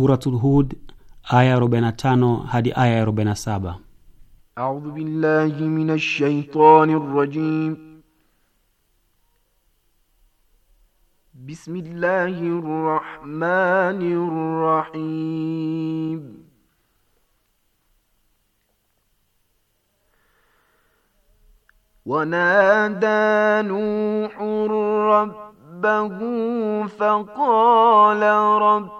Suratul Hud aya 45 hadi aya ya 47. A'udhu billahi minash shaitanir rajim. Bismillahir rahmanir rahim. ونادى نوح ربه فقال رب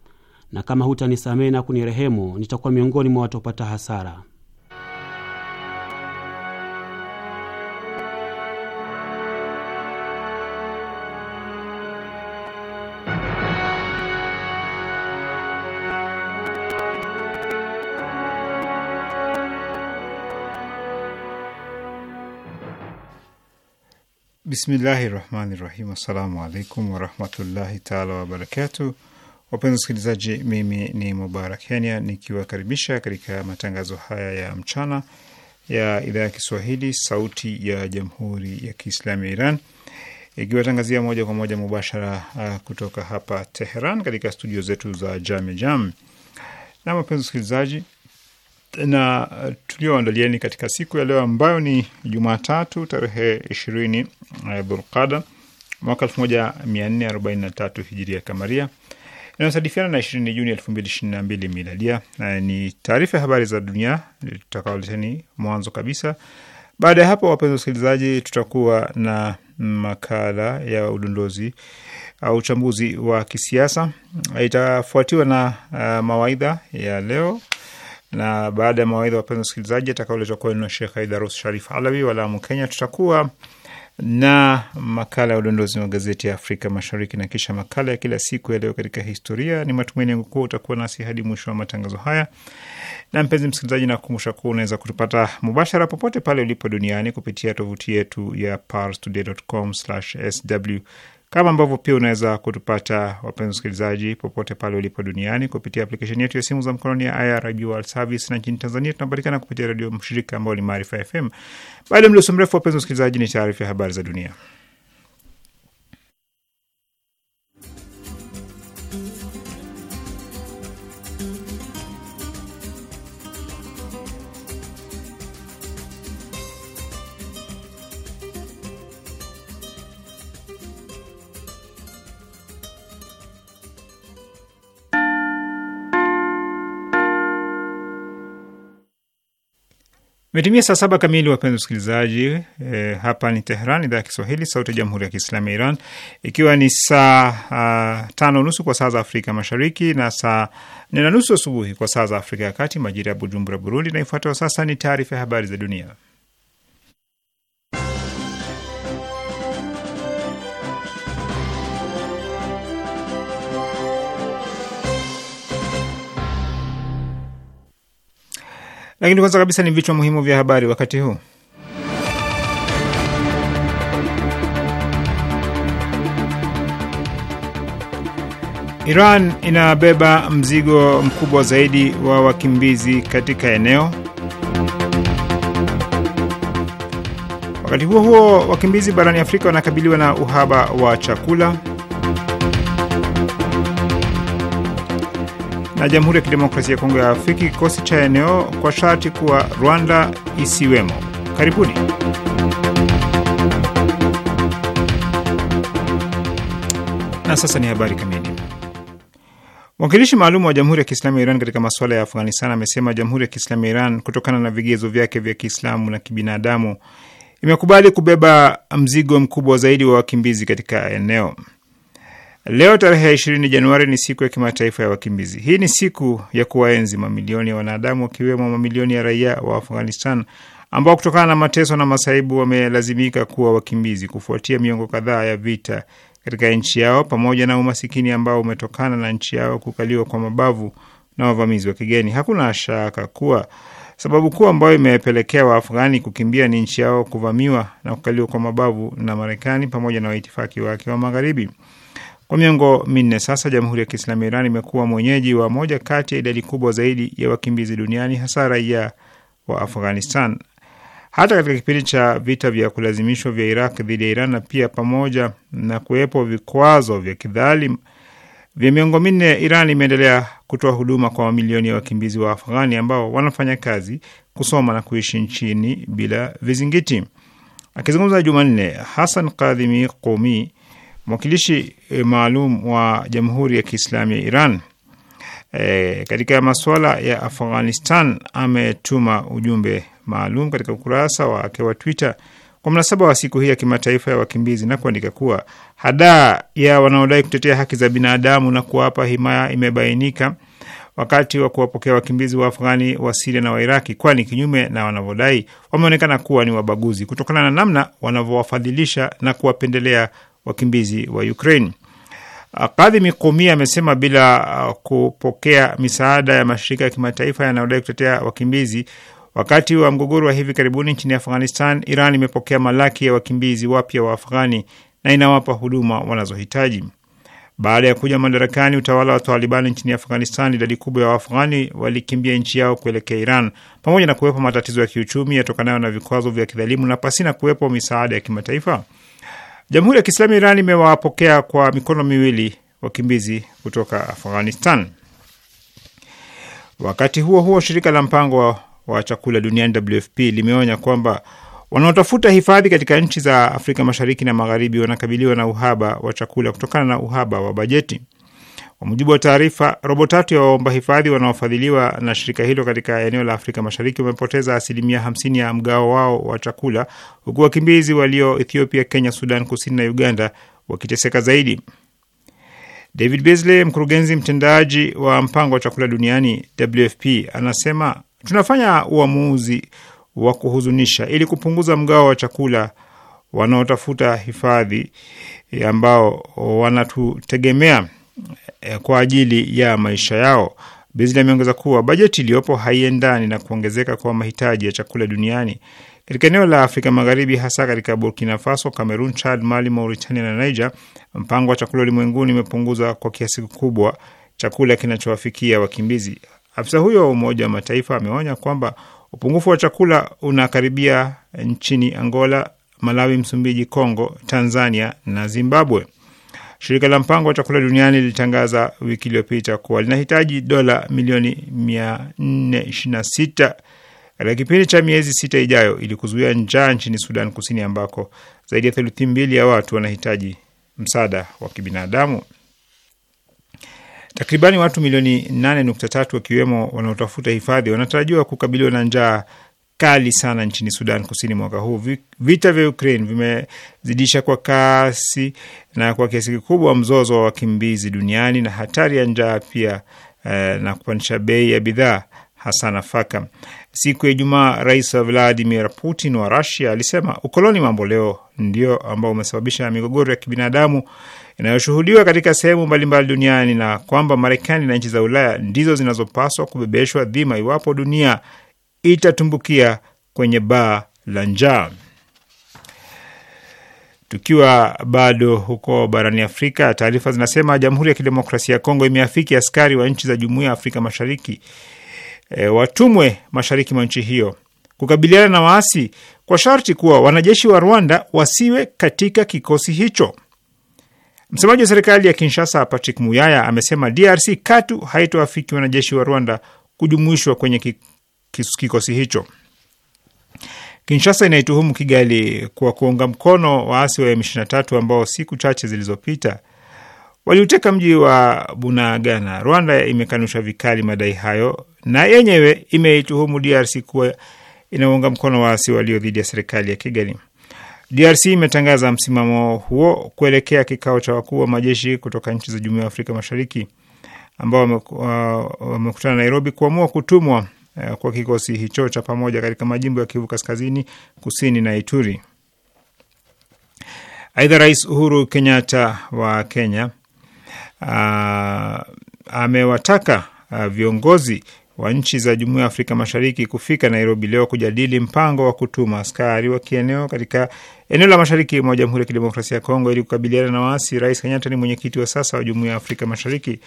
na kama hutanisamehe na kunirehemu nitakuwa miongoni mwa watu wapata hasara. Bismillahi rahmani rahim. Assalamu alaikum warahmatullahi taala wabarakatuh. Wapenzi wasikilizaji, mimi ni Mubarak Kenya nikiwakaribisha katika matangazo haya ya mchana ya idhaa ya Kiswahili sauti ya jamhuri ya Kiislamu ya Iran ikiwatangazia moja kwa moja mubashara uh, kutoka hapa Teheran katika studio zetu za Jame Jam. Na wapenzi wasikilizaji, na uh, tulioandalieni katika siku ya leo ambayo ni Jumatatu tarehe ishirini uh, Dhulqada mwaka elfu moja mia nne arobaini na tatu hijiria kamaria inayosadifiana na 20 Juni 2022 miladia. Na ni taarifa ya habari za dunia tutakaoleteni mwanzo kabisa. Baada ya hapo, wapenzi wasikilizaji, tutakuwa na makala ya udondozi au uchambuzi wa kisiasa, itafuatiwa na uh, mawaidha ya leo na baada ya mawaidha, wapenzi wasikilizaji, atakaoletwa kwenu na Shekh Aidarus Sharif Alawi wa Lamu, Kenya, tutakuwa na makala ya udondozi wa magazeti ya Afrika Mashariki na kisha makala ya kila siku ya leo katika historia. Ni matumaini yangu kuwa utakuwa nasi hadi mwisho wa matangazo haya. Na mpenzi msikilizaji, nakukumbusha kuwa unaweza kutupata mubashara popote pale ulipo duniani kupitia tovuti yetu ya parstoday.com/sw kama ambavyo pia unaweza kutupata wapenzi wasikilizaji, popote pale ulipo duniani kupitia aplikesheni yetu ya simu za mkononi ya IRIB World Service, na nchini Tanzania tunapatikana kupitia redio mshirika ambao ni Maarifa FM. Baada ya mdoso mrefu, wapenzi wasikilizaji, ni taarifa ya habari za dunia. Imetimia saa saba kamili, wapenzi wasikilizaji. E, hapa ni Tehran, idhaa ya Kiswahili, sauti ya jamhuri ya kiislamu ya Iran, ikiwa ni saa uh, tano nusu kwa saa za Afrika Mashariki na saa nne na nusu asubuhi kwa saa za Afrika ya Kati, majira ya Bujumbura, Burundi. Na ifuatayo sasa ni taarifa ya habari za dunia. Lakini kwanza kabisa ni vichwa muhimu vya habari wakati huu. Iran inabeba mzigo mkubwa zaidi wa wakimbizi katika eneo. Wakati huo huo, wakimbizi barani Afrika wanakabiliwa na uhaba wa chakula. na Jamhuri ya Kidemokrasia ya Kongo ya Afrika kikosi cha eneo kwa sharti kuwa Rwanda isiwemo. Karibuni. Na sasa ni habari kamili. Mwakilishi maalum wa Jamhuri ya Kiislamu ya Iran katika masuala ya Afghanistan amesema Jamhuri ya Kiislamu ya Iran, kutokana na vigezo vyake vya Kiislamu na kibinadamu, imekubali kubeba mzigo mkubwa zaidi wa wakimbizi katika eneo. Leo tarehe 20 Januari ni siku ya kimataifa ya wakimbizi. Hii ni siku ya kuwaenzi mamilioni ya wanadamu wakiwemo mamilioni ya raia wa Afghanistan ambao kutokana na mateso na masaibu wamelazimika kuwa wakimbizi kufuatia miongo kadhaa ya vita katika nchi yao pamoja na umasikini ambao umetokana na nchi yao kukaliwa kwa mabavu na wavamizi wa kigeni. Hakuna shaka kuwa sababu kuu ambayo imepelekea Waafghani kukimbia ni nchi yao kuvamiwa na kukaliwa kwa mabavu na Marekani pamoja na waitifaki wake wa Magharibi. Kwa miongo minne sasa, Jamhuri ya Kiislamu ya Iran imekuwa mwenyeji wa moja kati ya idadi kubwa zaidi ya wakimbizi duniani, hasa raia wa Afghanistan. Hata katika kipindi cha vita vya kulazimishwa vya Iraq dhidi ya Iran na pia pamoja na kuwepo vikwazo vya kidhalim vya miongo minne, Iran imeendelea kutoa huduma kwa mamilioni ya wakimbizi wa Afghani ambao wanafanya kazi, kusoma na kuishi nchini bila vizingiti. Akizungumza Jumanne, hasan Kadhimi Qomi mwakilishi e, maalum wa Jamhuri ya Kiislamu ya Iran e, katika masuala ya Afghanistan ametuma ujumbe maalum katika ukurasa wake wa Twitter kwa mnasaba wa siku hii ya kimataifa ya wakimbizi na kuandika kuwa hadaa ya wanaodai kutetea haki za binadamu na kuwapa himaya imebainika wakati wa kuwapokea wakimbizi wa Afghani wa Siria na Wairaki, kwani kinyume na wanavyodai wameonekana kuwa ni wabaguzi kutokana na namna wanavyowafadhilisha na kuwapendelea wakimbizi wa Ukraine. Ah, Kadhi Mikumi amesema bila ah, kupokea misaada ya mashirika ya kimataifa yanayodai kutetea wakimbizi wakati wa mgogoro wa hivi karibuni nchini Afghanistan, Iran imepokea malaki ya wakimbizi wapya wa Afghani na inawapa huduma wanazohitaji. Baada ya kuja madarakani utawala wa Taliban nchini Afghanistan, idadi kubwa ya Waafghani walikimbia nchi yao kuelekea Iran, pamoja na kuwepo matatizo ya kiuchumi yatokanayo na vikwazo vya kidhalimu na pasina kuwepo misaada ya kimataifa. Jamhuri ya Kiislamu Iran imewapokea kwa mikono miwili wakimbizi kutoka Afghanistan. Wakati huo huo, shirika la mpango wa, wa chakula duniani WFP limeonya kwamba wanaotafuta hifadhi katika nchi za Afrika Mashariki na Magharibi wanakabiliwa na uhaba wa chakula kutokana na uhaba wa bajeti. Kwa mujibu wa taarifa, robo tatu ya waomba hifadhi wanaofadhiliwa na shirika hilo katika eneo la Afrika Mashariki wamepoteza asilimia 50 ya mgao wao wa chakula, huku wakimbizi walio Ethiopia, Kenya, Sudan Kusini na Uganda wakiteseka zaidi. David Beasley, mkurugenzi mtendaji wa mpango wa chakula duniani WFP, anasema tunafanya uamuzi wa kuhuzunisha ili kupunguza mgao wa chakula wanaotafuta hifadhi ambao wanatutegemea. Eh, kwa ajili ya maisha yao. Beasley ameongeza kuwa bajeti iliyopo haiendani na kuongezeka kwa mahitaji ya chakula duniani katika eneo la Afrika Magharibi, hasa katika Burkina Faso, Cameroon, Chad, Mali, Mauritania na Niger. Mpango wa chakula ulimwenguni umepunguza kwa kiasi kikubwa chakula kinachowafikia wakimbizi. Afisa huyo wa Umoja wa Mataifa ameonya kwamba upungufu wa chakula unakaribia nchini Angola, Malawi, Msumbiji, Kongo, Tanzania na Zimbabwe. Shirika la mpango wa chakula duniani lilitangaza wiki iliyopita kuwa linahitaji dola milioni 426 katika kipindi cha miezi sita ijayo ili kuzuia njaa nchini Sudan Kusini, ambako zaidi ya theluthi mbili ya watu wanahitaji msaada wa kibinadamu. Takribani watu milioni 8.3 wakiwemo wanaotafuta hifadhi wanatarajiwa kukabiliwa na njaa kali sana nchini Sudan Kusini mwaka huu. Vita vya Ukraine vimezidisha kwa kasi na kwa kiasi kikubwa mzozo wa wakimbizi duniani na hatari ya njaa pia, eh, na kupandisha bei ya bidhaa hasa nafaka. Siku ya Ijumaa, Rais wa Vladimir Putin wa Russia alisema ukoloni mambo leo ndio ambao umesababisha migogoro ya kibinadamu inayoshuhudiwa katika sehemu mbalimbali duniani na kwamba Marekani na nchi za Ulaya ndizo zinazopaswa kubebeshwa dhima iwapo dunia itatumbukia kwenye baa la njaa. Tukiwa bado huko barani Afrika, taarifa zinasema Jamhuri ya Kidemokrasia ya Kongo imeafiki askari wa nchi za Jumuiya ya Afrika Mashariki e, watumwe mashariki mwa nchi hiyo kukabiliana na waasi kwa sharti kuwa wanajeshi wa Rwanda wasiwe katika kikosi hicho. Msemaji wa serikali ya Kinshasa Patrick Muyaya amesema DRC katu haitoafiki wanajeshi wa Rwanda kujumuishwa kwenye kikosi hicho. Kinshasa inaituhumu Kigali kwa kuunga mkono waasi wa M23 ambao siku chache zilizopita waliuteka mji wa Bunagana. Rwanda imekanusha vikali madai hayo na yenyewe imeituhumu DRC kuwa inaunga mkono waasi walio dhidi ya serikali ya Kigali. DRC imetangaza msimamo huo kuelekea kikao cha wakuu wa majeshi kutoka nchi za Jumuiya ya Afrika Mashariki ambao wamekutana Nairobi kuamua kutumwa Eh, kwa kikosi hicho cha pamoja katika majimbo ya Kivu Kaskazini, Kusini na Ituri. Aidha, Rais Uhuru Kenyatta wa Kenya ah, amewataka ah, viongozi wa nchi za Jumuiya ya Afrika Mashariki kufika Nairobi leo kujadili mpango wa kutuma askari wa kieneo katika eneo la mashariki mwa Jamhuri ya Kidemokrasia ya Kongo ili kukabiliana na waasi. Rais Kenyatta ni mwenyekiti wa sasa wa Jumuiya ya Afrika Mashariki.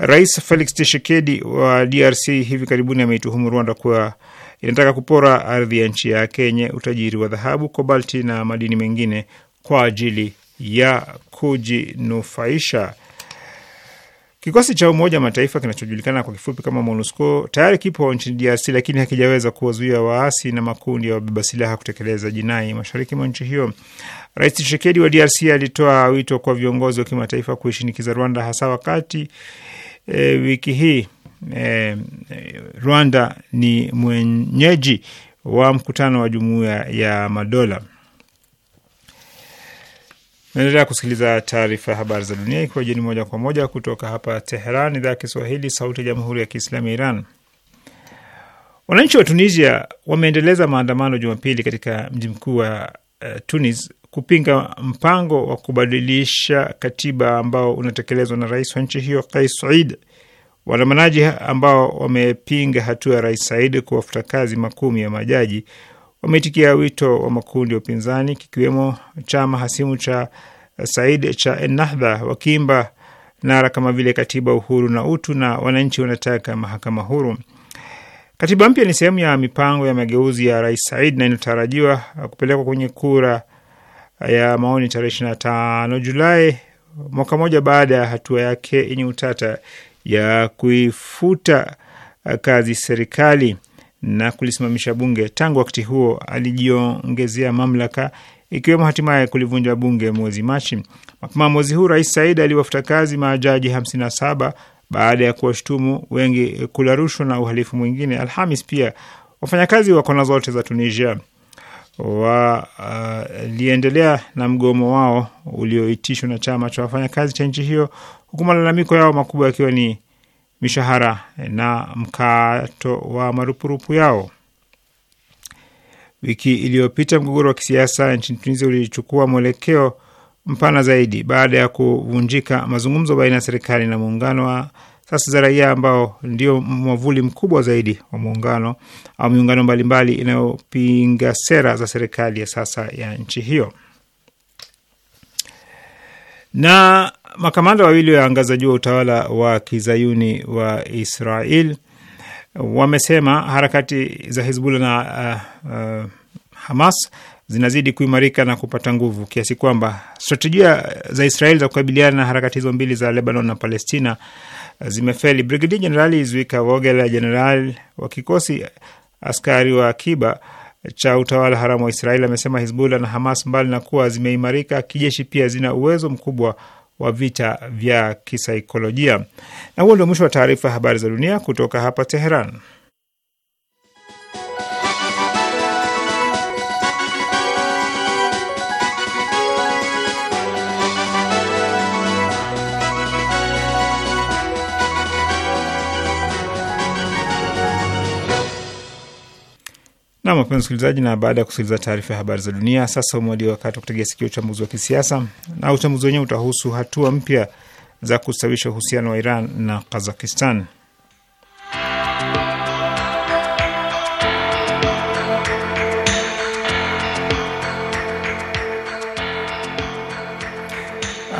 Rais Felix Tshisekedi wa DRC hivi karibuni ameituhumu Rwanda kuwa inataka kupora ardhi ya nchi yake yenye utajiri wa dhahabu, kobalti na madini mengine kwa ajili ya kujinufaisha. Kikosi cha Umoja wa Mataifa kinachojulikana kwa kifupi kama MONUSCO tayari kipo nchini DRC, lakini hakijaweza kuwazuia waasi na makundi ya wabeba silaha kutekeleza jinai mashariki mwa nchi hiyo. Rais Tshisekedi wa DRC alitoa wito kwa viongozi wa kimataifa kuishinikiza Rwanda, hasa wakati e, wiki hii e, Rwanda ni mwenyeji wa mkutano wa Jumuiya ya Madola. Naendelea kusikiliza taarifa ya habari za dunia ikiwa jeni moja kwa moja kutoka hapa Teheran, idhaa ya Kiswahili, sauti ya jamhuri ya kiislamu ya Iran. Wananchi wa Tunisia wameendeleza maandamano Jumapili katika mji mkuu wa uh, Tunis kupinga mpango wa kubadilisha katiba ambao unatekelezwa na rais wa nchi hiyo Kais Saied. Waandamanaji ambao wamepinga hatua ya rais Said kuwafuta kazi makumi ya majaji wameitikia wito wa makundi ya upinzani kikiwemo chama hasimu cha Said cha Ennahdha wakiimba nara kama vile katiba, uhuru na utu, na wananchi wanataka mahakama huru. Katiba mpya ni sehemu ya mipango ya mageuzi ya rais Said na inatarajiwa kupelekwa kwenye kura ya maoni tarehe 25 Julai, mwaka moja baada ya hatua yake yenye utata ya kuifuta kazi serikali na kulisimamisha bunge. Tangu wakati huo alijiongezea mamlaka ikiwemo hatimaye kulivunja bunge mwezi Machi. Mapema mwezi huu Rais Said aliwafuta kazi majaji 57 baada ya kuwashutumu wengi kula rushwa na uhalifu mwingine. Alhamis pia wafanyakazi wa kona zote za Tunisia waliendelea uh, na mgomo wao ulioitishwa na chama cha wafanyakazi cha nchi hiyo, huku malalamiko yao makubwa yakiwa ni mishahara na mkato wa marupurupu yao. Wiki iliyopita mgogoro wa kisiasa nchini Tunisia ulichukua mwelekeo mpana zaidi baada ya kuvunjika mazungumzo baina ya serikali na muungano wa sasa za raia ambao ndio mwavuli mkubwa zaidi wa muungano au miungano mbalimbali inayopinga sera za serikali ya sasa ya nchi hiyo. Na makamanda wawili wa anga za juu wa utawala wa kizayuni wa Israel wamesema harakati za Hizbullah na uh, uh, Hamas zinazidi kuimarika na kupata nguvu kiasi kwamba stratejia za Israeli za kukabiliana na harakati hizo mbili za Lebanon na Palestina eh, zimefeli. Brigedia Jenerali Zwika Vogel, jenerali wa kikosi askari wa akiba eh, cha utawala haramu wa Israeli, amesema Hizbullah na Hamas, mbali na kuwa zimeimarika kijeshi, pia zina uwezo mkubwa wa vita vya kisaikolojia. Na huo ndio mwisho wa taarifa ya habari za dunia kutoka hapa Teheran. Nam wapenzi msikilizaji, na baada ya kusikiliza taarifa ya habari za dunia, sasa umewadia wakati wa kutegea sikio uchambuzi wa kisiasa, na uchambuzi wenyewe utahusu hatua mpya za kustawisha uhusiano wa Iran na Kazakistan.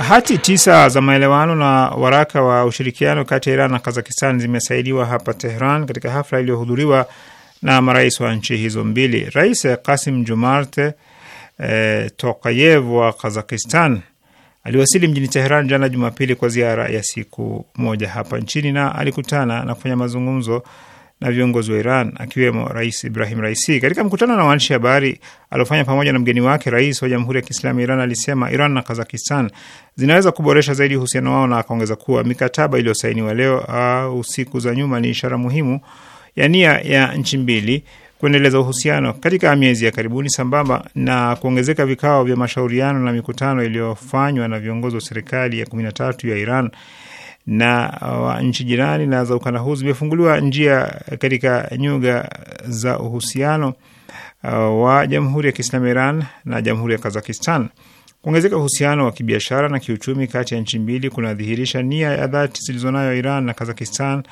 Hati tisa za maelewano na waraka wa ushirikiano kati ya Iran na Kazakistan zimesainiwa hapa Tehran katika hafla iliyohudhuriwa na marais wa nchi hizo mbili. Rais Kasim jumart e, Tokayev wa Kazakistan aliwasili mjini Teheran jana Jumapili kwa ziara ya siku moja hapa nchini na alikutana na kufanya mazungumzo na viongozi wa Iran akiwemo Rais Ibrahim Raisi. Katika mkutano na waandishi habari aliofanya pamoja na mgeni wake, rais wa Jamhuri ya Kiislamu Iran alisema Iran na Kazakistan zinaweza kuboresha zaidi uhusiano wao, na akaongeza kuwa mikataba iliyosainiwa leo au siku za nyuma ni ishara muhimu ya nia ya nchi mbili kuendeleza uhusiano katika miezi ya karibuni, sambamba na kuongezeka vikao vya mashauriano na mikutano iliyofanywa na viongozi wa serikali ya kumi na tatu ya Iran na uh, wa nchi jirani na za ukanda huu, zimefunguliwa njia katika nyuga za uhusiano uh, wa Jamhuri ya Kiislamu ya Iran na Jamhuri ya Kazakistan. Kuongezeka uhusiano wa kibiashara na kiuchumi kati ya nchi mbili kunadhihirisha nia ya dhati zilizonayo Iran na Kazakistan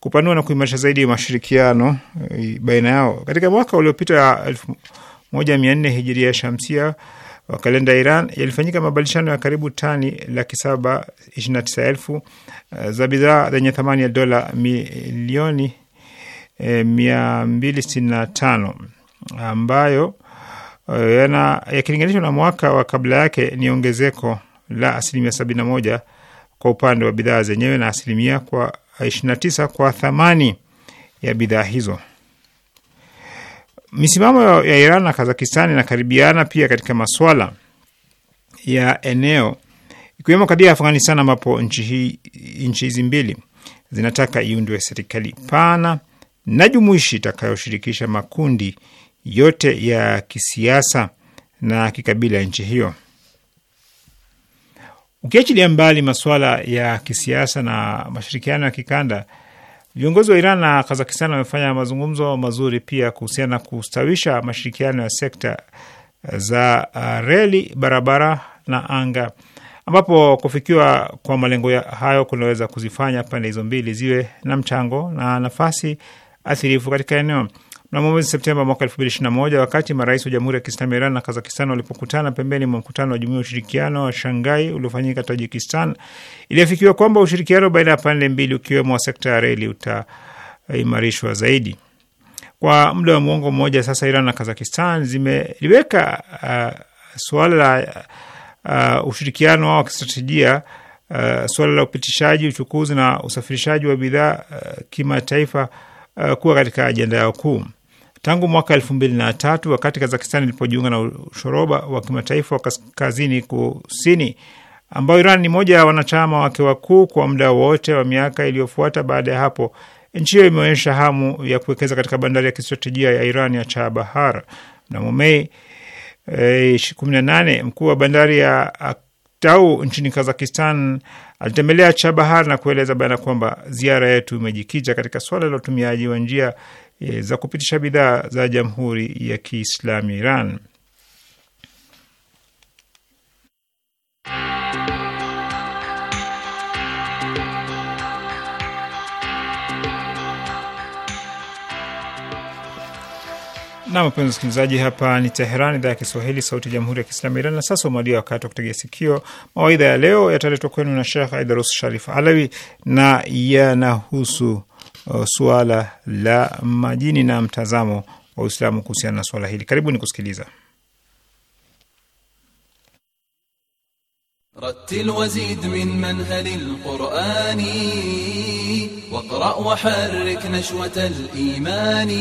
kupanua na kuimarisha zaidi mashirikiano eh, baina yao. Katika mwaka uliopita nne hijiria shamsia wa kalenda Iran yalifanyika mabadilishano ya karibu tani laki saba ishirini na tisa elfu eh, za bidhaa zenye thamani ya dola milioni e, mia mbili sitini na tano ambayo yakilinganishwa na mwaka wa kabla yake ni ongezeko la asilimia sabini na moja kwa upande wa bidhaa zenyewe na asilimia kwa 29 kwa thamani ya bidhaa hizo. Misimamo ya Iran na Kazakistan inakaribiana pia katika maswala ya eneo, ikiwemo ya Afghanistan ambapo nchi hizi mbili zinataka iundwe serikali pana na jumuishi itakayoshirikisha makundi yote ya kisiasa na kikabila ya nchi hiyo. Ukiachilia mbali masuala ya kisiasa na mashirikiano ya kikanda, viongozi wa Iran na Kazakistan wamefanya mazungumzo mazuri pia kuhusiana na kustawisha mashirikiano ya sekta za uh, reli, barabara na anga, ambapo kufikiwa kwa malengo hayo kunaweza kuzifanya pande hizo mbili ziwe na mchango na nafasi athirifu katika eneo. Mnamo mwezi Septemba mwaka elfu moja wakati marais wa Jamhuri ya Kiislamu ya Iran na Kazakistan walipokutana pembeni mwa mkutano wa jumuia ya Ushirikiano wa Shangai uliofanyika Tajikistan, iliafikiwa kwamba ushirikiano baina ya pande mbili ukiwemo wa sekta ya reli utaimarishwa zaidi. Kwa muda wa mwongo mmoja sasa, Iran na Kazakistan zimeliweka uh, suala la uh, ushirikiano wao wa kistratejia uh, suala la upitishaji, uchukuzi na usafirishaji wa bidhaa uh, kimataifa uh, kuwa katika ajenda yao kuu. Tangu mwaka elfu mbili na tatu wakati Kazakistan ilipojiunga na ushoroba wa kimataifa wa kaskazini kusini ambayo Iran ni moja ya wanachama wake wakuu kwa muda wote wa miaka iliyofuata baada ya hapo, nchi hiyo imeonyesha hamu ya kuwekeza katika bandari ya kistratejia ya Iran ya Chabahar. Mnamo Mei eh, 18 mkuu wa bandari ya Aktau nchini Kazakistan alitembelea Chabahar na kueleza bayana kwamba ziara yetu imejikita katika swala la utumiaji wa njia e, za kupitisha bidhaa za Jamhuri ya Kiislamu Iran. Nam, wapenzi msikilizaji, hapa ni Teheran, idhaa ya Kiswahili, sauti ya jamhuri ya kiislamu Iran. Na sasa umewadia wakati wa kutegea sikio. Mawaidha ya leo yataletwa kwenu na Shekh Aidarus Sharif Alawi na yanahusu Uh, suala la majini na mtazamo wa Uislamu kuhusiana na suala hili. karibu ni kusikiliza. رتل وزيد من منهل القرآن واقرأ وحرك نشوة الإيمان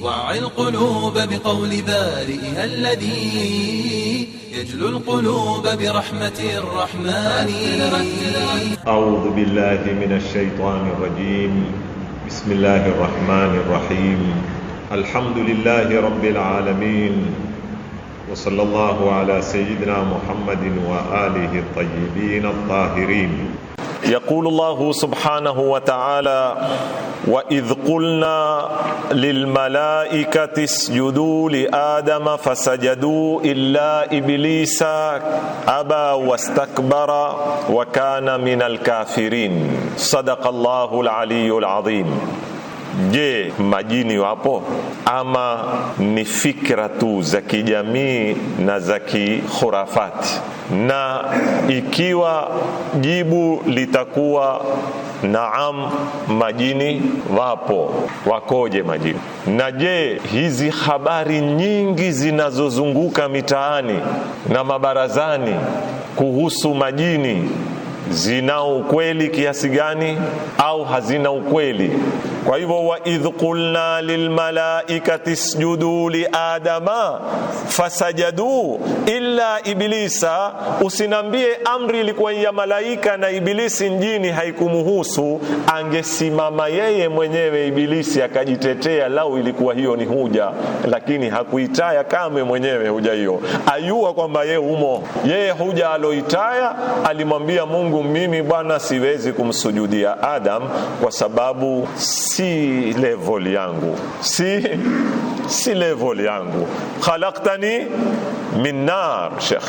وع القلوب بقول بارئها الذي يجلو القلوب برحمة الرحمن أعوذ بالله من الشيطان الرجيم بسم الله الرحمن الرحيم الحمد لله رب العالمين وصلى الله على سيدنا محمد واله الطيبين الطاهرين يقول الله سبحانه وتعالى واذ قلنا للملائكه اسجدوا لادم فسجدوا الا ابليس ابى واستكبر وكان من الكافرين صدق الله العلي العظيم Je, majini wapo ama ni fikra tu za kijamii na za kikhurafati? Na ikiwa jibu litakuwa naam, majini wapo, wakoje majini? Na je, hizi habari nyingi zinazozunguka mitaani na mabarazani kuhusu majini zinao ukweli kiasi gani au hazina ukweli. Kwa hivyo, waidh qulna lilmalaikati isjudu liadama fasajaduu illa iblisa. Usinambie amri ilikuwa ya malaika na iblisi mjini haikumuhusu, angesimama yeye mwenyewe ibilisi akajitetea, lau ilikuwa hiyo ni huja, lakini hakuitaya kame mwenyewe huja hiyo, ayua kwamba yeye umo yeye huja aloitaya alimwambia Mungu Mungu mimi bwana siwezi kumsujudia Adam kwa sababu si level yangu, si si level yangu. Khalaqtani min nar, Sheikh,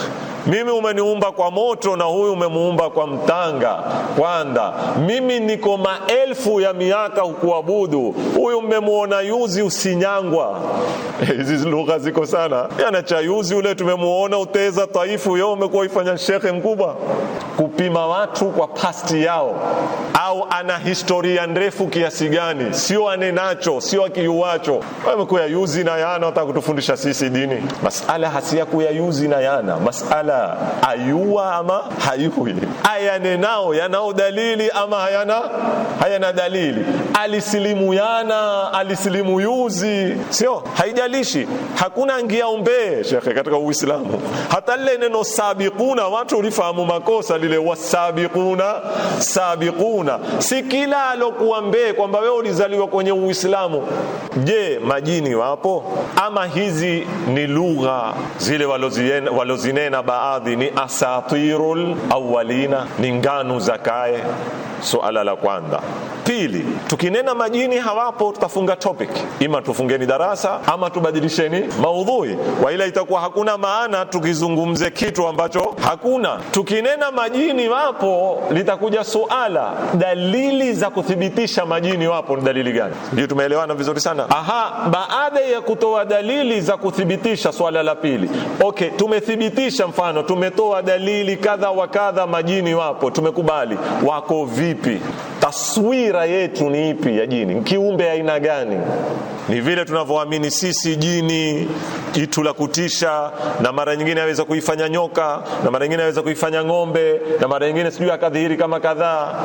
mimi umeniumba kwa moto na huyu umemuumba kwa mtanga. Kwanza mimi niko maelfu ya miaka hukuabudu, huyu mmemuona yuzi usinyangwa. Hizi lugha ziko sana, yana cha yuzi ule tumemuona uteza taifu yao, umekuwa ifanya shekhe mkubwa kupima watu kwa pasti yao, au ana historia ndefu kiasi gani, sio anenacho, sio akiuacho, amekuwa yuzi na yana wataka kutufundisha sisi dini masala hasiyaku ya na yana masala ayua ama hayui ayanenao yanao dalili ama hayana hayana dalili alisilimu yana alisilimu yuzi, sio haijalishi, hakuna ngia umbee shekhe katika Uislamu. Hata lile neno sabiquna, watu ulifahamu makosa lile, wasabiquna sabiquna, si kila alokuwa mbee kwamba wewe ulizaliwa kwenye Uislamu. Je, majini wapo? Ama hizi ni lugha zile walozinena baadhi ni asatirul awwalina, ni nganu za kae. Suala la kwanza. Pili, tuki tukinena majini hawapo, tutafunga topic, ima tufungeni darasa ama tubadilisheni maudhui, waila itakuwa hakuna maana tukizungumze kitu ambacho hakuna. Tukinena majini wapo, litakuja suala, dalili za kuthibitisha majini wapo ni dalili gani? Ndio, tumeelewana vizuri sana. Aha, baada ya kutoa dalili za kuthibitisha, swala la pili, okay, tumethibitisha, mfano tumetoa dalili kadha wa kadha, majini wapo, tumekubali, wako vipi? taswira yetu ni ipi ya jini? Ni kiumbe aina gani? Ni vile tunavyoamini sisi jini, jitu la kutisha, na mara nyingine aweza kuifanya nyoka, na mara nyingine aweza kuifanya ng'ombe, na mara nyingine sijui akadhihiri kama kadhaa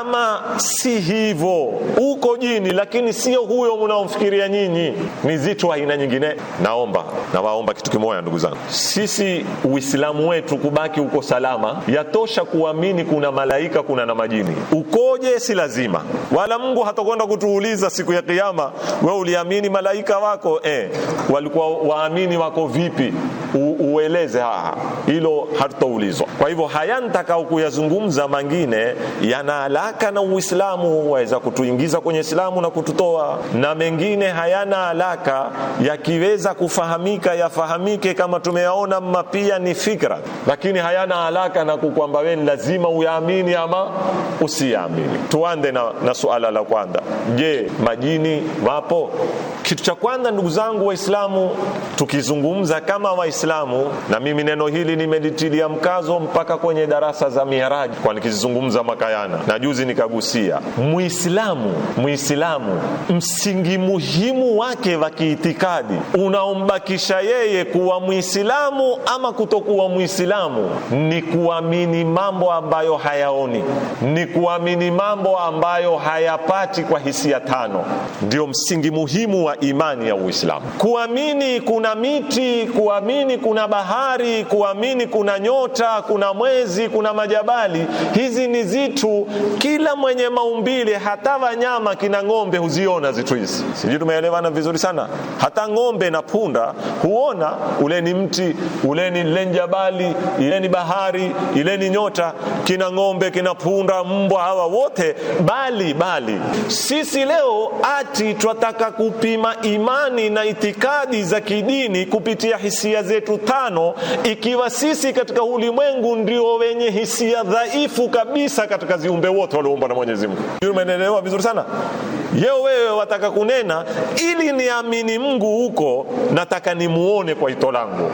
ama si hivyo, uko jini lakini sio huyo mnaomfikiria nyinyi, ni zitu aina nyingine. Naomba nawaomba kitu kimoja, ndugu zangu, sisi Uislamu wetu kubaki uko salama, yatosha kuamini kuna malaika, kuna na majini uko ngoje, si lazima, wala Mungu hatakwenda kutuuliza siku ya Kiyama, wewe uliamini malaika wako eh, walikuwa waamini wako vipi? U, ueleze haa, hilo hatutaulizwa. Kwa hivyo haya nitakao kuyazungumza mangine yana alaka na Uislamu, waweza kutuingiza kwenye Islamu na kututoa, na mengine hayana alaka, yakiweza kufahamika yafahamike kama tumeyaona, mapia ni fikra, lakini hayana alaka na kukwamba wewe lazima uyaamini ama usiamini mbili. Tuande na, na suala la kwanza, je, majini wapo? Kitu cha kwanza ndugu zangu Waislamu, tukizungumza kama Waislamu, na mimi neno hili nimelitilia mkazo mpaka kwenye darasa za miaraji kwa nikizungumza makayana na juzi nikagusia, Muislamu Muislamu, msingi muhimu wake wa kiitikadi unaombakisha yeye kuwa Muislamu ama kutokuwa Muislamu ni kuamini mambo ambayo hayaoni, ni kuamini ni mambo ambayo hayapati kwa hisia tano. Ndio msingi muhimu wa imani ya Uislamu. Kuamini kuna miti, kuamini kuna bahari, kuamini kuna nyota, kuna mwezi, kuna majabali. Hizi ni zitu kila mwenye maumbile, hata wanyama, kina ng'ombe huziona zitu hizi. Sijui tumeelewana vizuri sana. Hata ng'ombe na punda huona, ule ni mti, ule ni lenjabali, ile ni bahari, ile ni nyota, kina ng'ombe, kina punda, mbwa hawa wote, bali bali sisi leo ati twataka kupima imani na itikadi za kidini kupitia hisia zetu tano, ikiwa sisi katika ulimwengu ndio wenye hisia dhaifu kabisa katika ziumbe wote walioumbwa na Mwenyezi Mungu. Umeelewa vizuri sana? Yeo wewe wataka kunena, ili niamini Mungu huko nataka nimuone kwa hito langu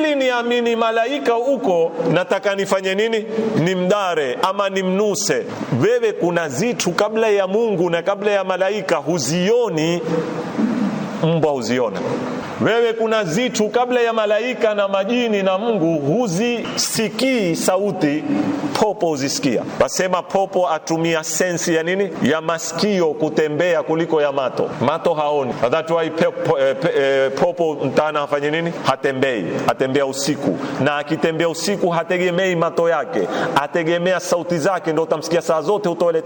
ili niamini malaika huko nataka nifanye nini? Nimdare ama nimnuse wewe kuna zitu kabla ya Mungu na kabla ya malaika huzioni, mbwa huziona. Wewe kuna zitu kabla ya malaika na majini na Mungu huzisikii sauti, popo huzisikia. wasema popo atumia sensi ya nini? Ya masikio kutembea kuliko ya mato. Mato haoni, that's why pepo, eh, pe, eh, popo mtana hafanye nini? Hatembei, atembea usiku, na akitembea usiku hategemei mato yake, ategemea sauti zake, ndio utamsikia saa zote utoele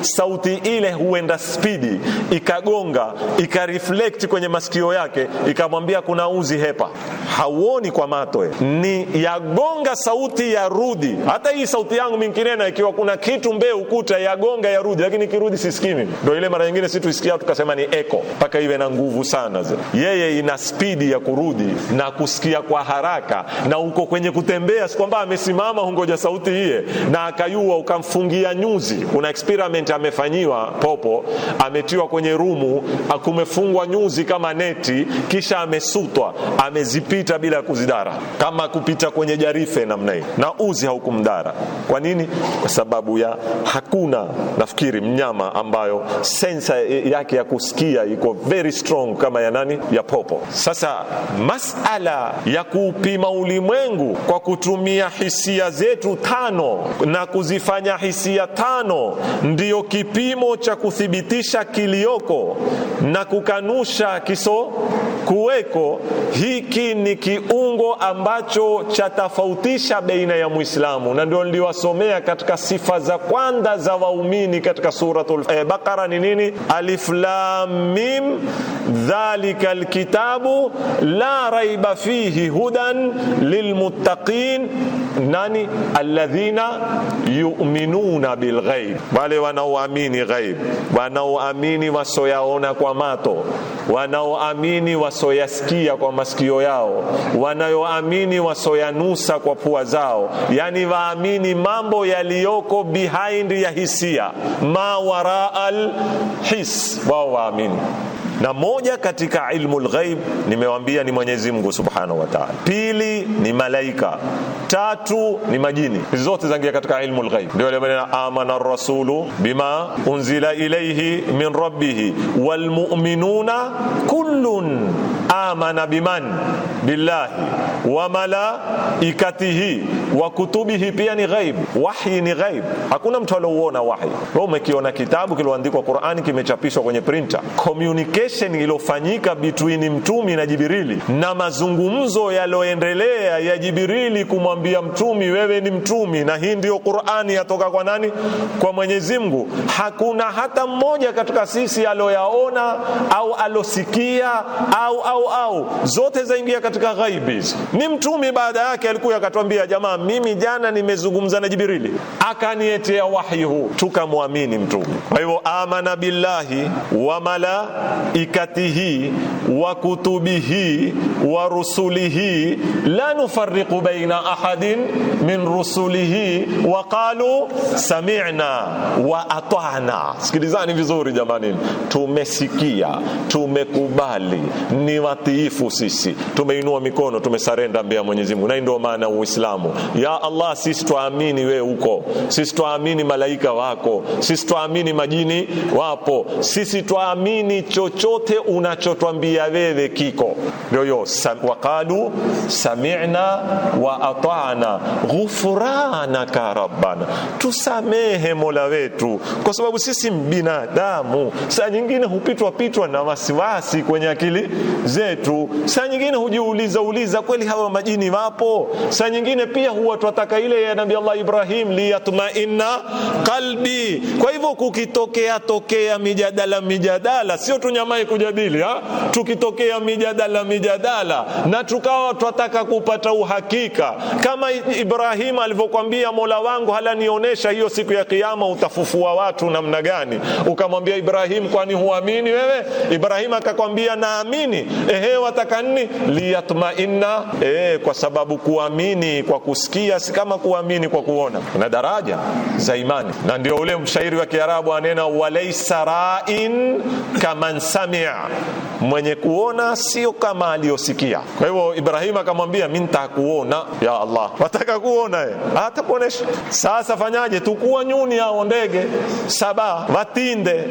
sauti ile, huenda spidi ikagonga ikareflect kwenye masikio yake ikamwambia kuna uzi hepa, hauoni kwa mato eh. ni yagonga sauti ya rudi. Hata hii sauti yangu minkinena, ikiwa kuna kitu mbee ukuta yagonga ya rudi lakini kirudi sisikimi ndo ile mara nyingine si tuisikia tukasema ni eko, mpaka iwe na nguvu sana zile. Yeye ina spidi ya kurudi na kusikia kwa haraka, na uko kwenye kutembea, si kwamba amesimama hungoja sauti hiye, na akayua ukamfungia nyuzi. Kuna experiment amefanyiwa popo, ametiwa kwenye rumu, kumefungwa nyuzi kama neti kisha amesutwa, amezipita bila kuzidara, kama kupita kwenye jarife namna hii, na uzi haukumdara. Kwa nini? Kwa sababu ya hakuna nafikiri mnyama ambayo sensa yake ya kusikia iko very strong kama ya nani, ya popo. Sasa masala ya kuupima ulimwengu kwa kutumia hisia zetu tano na kuzifanya hisia tano ndiyo kipimo cha kuthibitisha kilioko na kukanusha kiso kuweko hiki ni kiungo ambacho chatofautisha baina ya Muislamu, na ndio niliwasomea katika sifa za kwanza za waumini katika suratul eh, Baqara ni nini? Alif lam mim dhalika alkitabu la raiba fihi hudan lilmuttaqin, nani? Alladhina yu'minuna bilghaib, wale wanaoamini ghaib, wanaoamini wasoyaona kwa mato, wanaoamini wa wasoyasikia kwa masikio yao, wanayoamini wasoyanusa kwa pua zao, yani waamini mambo yaliyoko behind ya hisia, ma waraa alhis, wao waamini na moja katika ilmu lghaib nimewambia ni Mwenyezi Mungu subhanahu wa taala, pili ni malaika, tatu ni majini. Hizi zote zangia katika ilmu lghaib, ndio ile maneno amana rasulu bima unzila ilayhi min rabbihi walmu'minuna kullun amana biman billahi wa malaikatihi wa kutubihi, pia ni ghaib. Wahi ni ghaib, hakuna mtu aliouona wahi. Wewe umekiona kitabu kiloandikwa Qur'ani, kimechapishwa kwenye printer. Communication iliyofanyika between mtumi na Jibrili na mazungumzo yaloendelea ya Jibrili kumwambia mtumi, wewe ni mtumi na hii ndio Qur'ani, yatoka kwa nani? Kwa Mwenyezi Mungu. Hakuna hata mmoja katika sisi aloyaona au alosikia au, au au au zote zaingia katika ghaibi Ni mtumi baada yake alikuwa akatwambia, jamaa, mimi jana nimezungumza na Jibrili akanietea wahi huu, tukamwamini mtumi. Kwa hivyo amana billahi wa malaikatihi wa kutubihi wa rusulihi la nufarriqu baina ahadin min rusulihi wa qalu sami'na wa ata'na. Sikilizani vizuri jamanini, tumesikia tumekubali ni watiifu sisi, tumeinua mikono, tumesarenda mbele ya Mwenyezi Mungu, na ndio maana Uislamu. Ya Allah, sisi twaamini wewe uko, sisi twaamini malaika wako, sisi twaamini majini wapo, sisi twaamini chochote unachotwambia wewe kiko. Ndio hiyo waqalu sami'na wa ata'na ghufranaka rabbana, tusamehe mola wetu, kwa sababu sisi binadamu saa nyingine hupitwa pitwa na wasiwasi kwenye akili zetu. Saa nyingine hujiuliza uliza, kweli hawa majini wapo? Saa nyingine pia huwa twataka ile ya Nabii Allah Ibrahim, liyatmaina qalbi. Kwa hivyo kukitokea tokea mijadala mijadala, sio tunyamai kujadili ha? tukitokea mijadala mijadala na tukawa twataka kupata uhakika kama Ibrahim alivyokwambia Mola wangu halanionesha hiyo siku ya kiyama utafufua watu namna gani? Ukamwambia Ibrahim, kwani huamini wewe? Ibrahim akakwambia naamini ehe, wataka nini? Liyatmainna, e, kwa sababu kuamini kwa kusikia si kama kuamini kwa kuona, kuna daraja za imani. Na ndio ule mshairi wa Kiarabu anena, walaisa rain kaman samia, mwenye kuona sio kama aliyosikia. Kwa hivyo Ibrahim akamwambia, mi ntakuona, ya Allah, wataka kuona e. Eh? Atakuonesha Sasa fanyaje? Tukua nyuni ao ndege saba, watinde,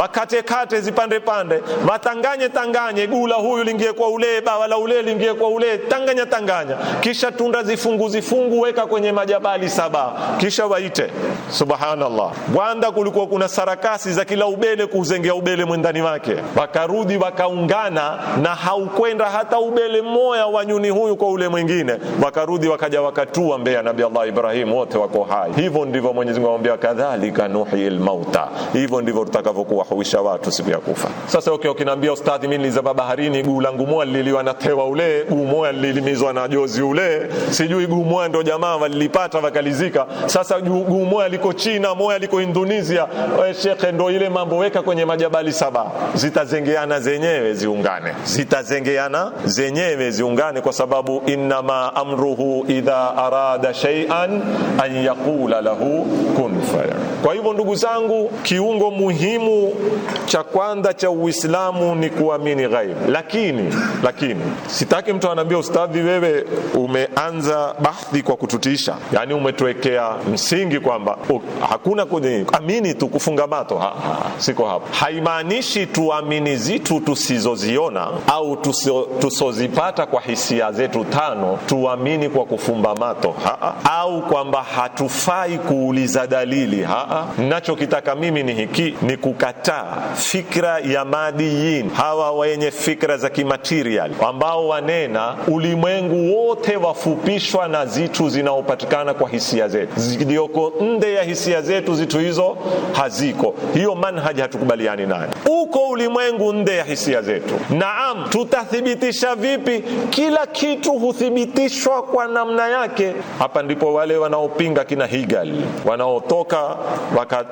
wakatekate zipandepande, watanganye tanganye gula huyu lingie kwa ule, bawa la ule lingie kwa ule, tanganya tanganya, kisha tunda zifungu zifungu, weka kwenye majabali saba, kisha waite. Subhanallah, Bwanda kulikuwa kuna sarakasi za kila ubele kuzengea ubele mwendani wake, wakarudi wakaungana, na haukwenda hata ubele mmoja wa nyuni huyu kwa ule mwingine, wakarudi wakaja wakatua mbele ya Nabii Allah Ibrahim, wote wako hai. Hivyo ndivyo Mwenyezi Mungu amwambia, kadhalika nuhi mauta, hivyo ndivyo huisha watu siku ya kufa. Sasa okay, okay, ustadhi mimi niliza baharini ni guu langu moja liliwa na tewa ule, guu moja lilimizwa na jozi ule, sijui guu moja ndo jamaa walilipata wakalizika. Sasa guu moja liko China, moja liko Indonesia. Wewe eh, shekhe, ndo ile mambo, weka kwenye majabali saba, zitazengeana zenyewe ziungane, zitazengeana zenyewe ziungane, kwa sababu innama amruhu idha arada shay'an an yaqula lahu kun fayakun. Kwa hivyo ndugu zangu, kiungo muhimu cha kwanza cha Uislamu ni kuamini ghaibu lakini lakini sitaki mtu anaambia ustadhi, wewe umeanza bahthi kwa kututisha, yani umetuwekea msingi kwamba hakuna kwenye amini tu mato Ha, ha, siko hapo. Haimaanishi tuamini zitu tusizoziona au tuso, tusozipata kwa hisia zetu tano tuamini kwa kufumba mato ha, ha, au kwamba hatufai kuuliza dalili ha, ha. Nachokitaka mimi ni hiki, ni kukataa fikra ya madiyin hawa wenye fikra za kimaterial ambao wanena ulimwengu wote wafupishwa na zitu zinaopatikana kwa hisia zetu, zilioko nde ya hisia zetu, zitu hizo haziko. Hiyo manhaji hatukubaliani nayo. Uko ulimwengu nde ya hisia zetu. Naam, tutathibitisha vipi? Kila kitu huthibitishwa kwa namna yake. Hapa ndipo wale wanaopinga kina Hegel wanaotoka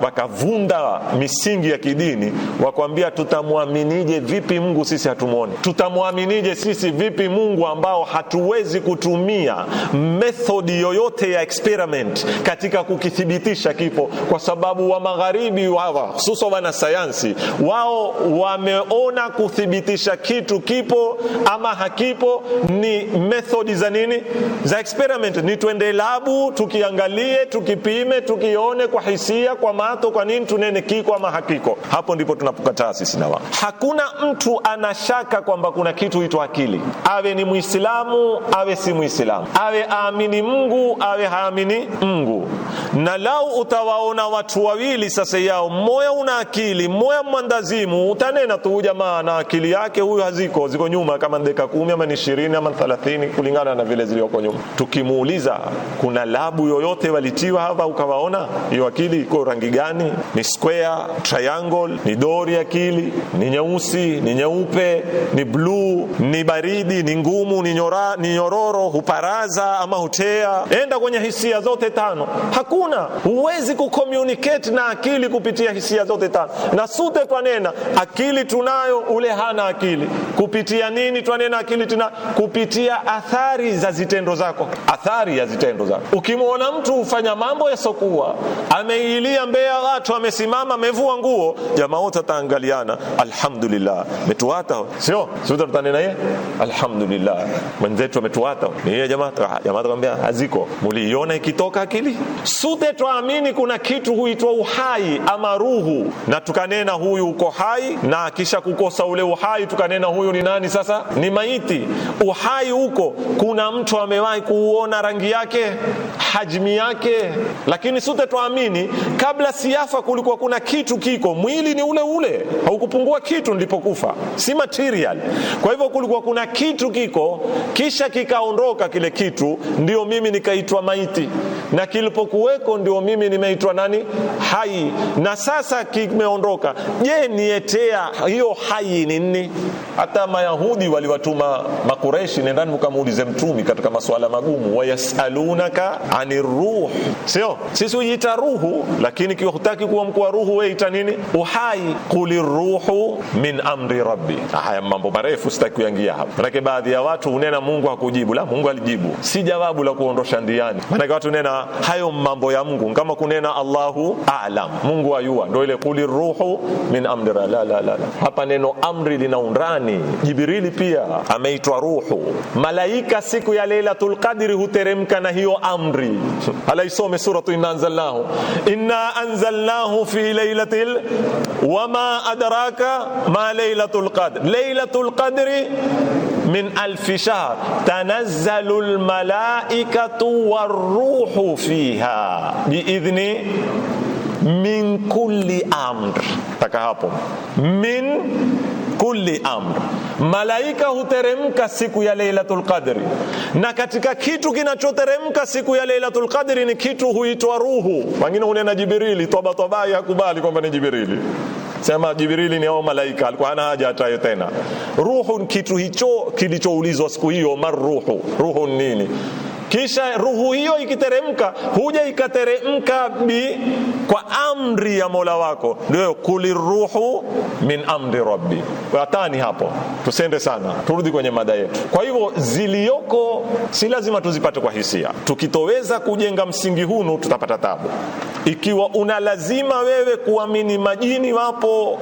wakavunda waka misingi ya kidini, wakwambia tutamwaminije vipi Mungu sisi hatumwoni? tutamwaminije sisi vipi Mungu ambao hatuwezi kutumia methodi yoyote ya experiment katika kukithibitisha kipo? Kwa sababu wa magharibi wawa, hususan wanasayansi wao, wameona kuthibitisha kitu kipo ama hakipo ni methodi za nini, za experiment, ni twende labu tukiangalie, tukipime, tukione kwa hisia, kwa mato, kwa nini, tunene kiko ama hakiko. Hapo ndipo tunapokataa sisi na wao. Hakuna mtu anashaka kwamba kuna kitu huitwa akili, awe ni Muislamu awe si Muislamu, awe aamini Mungu awe haamini Mungu. Na lau utawaona watu wawili sasa yao, mmoja una akili, mmoja mwandazimu, utanena tu jamaa na akili yake huyu haziko ziko nyuma, kama dakika kumi ama ni ishirini ama thelathini, kulingana na vile zilizoko nyuma. Tukimuuliza kuna labu yoyote walitiwa hapa ukawaona hiyo akili iko rangi gani? Ni square, triangle, ni dori akili, ni nyeusi, ni nyeupe ni bluu, ni baridi, ni ngumu, ni, nyora, ni nyororo, huparaza ama hutea. Enda kwenye hisia zote tano, hakuna, huwezi kucommunicate na akili kupitia hisia zote tano. Na sute twanena akili tunayo, ule hana akili. Kupitia nini twanena akili tuna? Kupitia athari za zitendo zako, athari ya zitendo zako. Ukimwona mtu hufanya mambo yasokuwa, ameilia mbea watu, amesimama amevua nguo, jamaa wote ataangaliana, alhamdulillah, metuata sio hivyo tutane na yeye alhamdulillah mwenzetu ametuata yeye jamaa jamaa akamwambia haziko muliiona ikitoka akili sute twaamini kuna kitu huitwa uhai ama ruhu na tukanena huyu uko hai na kisha kukosa ule uhai tukanena huyu ni nani sasa ni maiti uhai huko kuna mtu amewahi kuuona rangi yake hajmi yake lakini sute twaamini kabla siafa kulikuwa kuna kitu kiko mwili ni ule ule haukupungua kitu nilipokufa si material ajali. Kwa hivyo kulikuwa kuna kitu kiko, kisha kikaondoka kile kitu, ndio mimi nikaitwa maiti, na kilipokuweko ndio mimi nimeitwa nani hai, na sasa kimeondoka. Je, nietea hiyo hai ni nini? Hata Mayahudi waliwatuma Makureshi, nendani mkamuulize Mtumi katika masuala magumu, wayasalunaka aniruh, ruh. Sio sisi hujiita ruhu, lakini kiwa hutaki kuwa mkuu wa ruhu, weita nini uhai, kuli ruhu min amri rabbi. Haya mambo marefu, sitaki kuingia hapa, manake baadhi ya watu unena Mungu hakujibu. La, Mungu alijibu, si jawabu la kuondosha ndiani. Manake watu unena hayo mambo ya Mungu kama kunena Allahu a'lam, Mungu ayua, ndio ile kuli ruhu min amri la, la, la, la. Hapa neno amri lina undani. Jibrili pia ameitwa ruhu, malaika siku ya Lailatul Qadri huteremka na hiyo amri. Alaisome suratu inna anzalnahu inna anzalnahu fi lailatil wama adraka ma lailatul qadr lailatul qadri min alfi shahr tanazzalu almalaikatu waruhu fiha biidhni min kulli amr taka hapo min kulli amr, malaika huteremka siku ya Lailatul Qadri, na katika kitu kinachoteremka siku ya Lailatul Qadri ni kitu huitwa ruhu. Wengine hunena Jibrili, toba toba, yakubali kwamba ni Jibrili sema Jibrili ni au malaika, alikuwa hana haja hata hiyo tena. Ruhu, kitu hicho kilichoulizwa siku hiyo, maruhu ruhu nini? kisha ruhu hiyo ikiteremka huja ikateremka bi kwa amri ya mola wako ndio kuliruhu min amri rabbi watani hapo tusende sana turudi kwenye mada yetu kwa hivyo ziliyoko si lazima tuzipate kwa hisia tukitoweza kujenga msingi hunu tutapata tabu ikiwa una lazima wewe kuamini majini wapo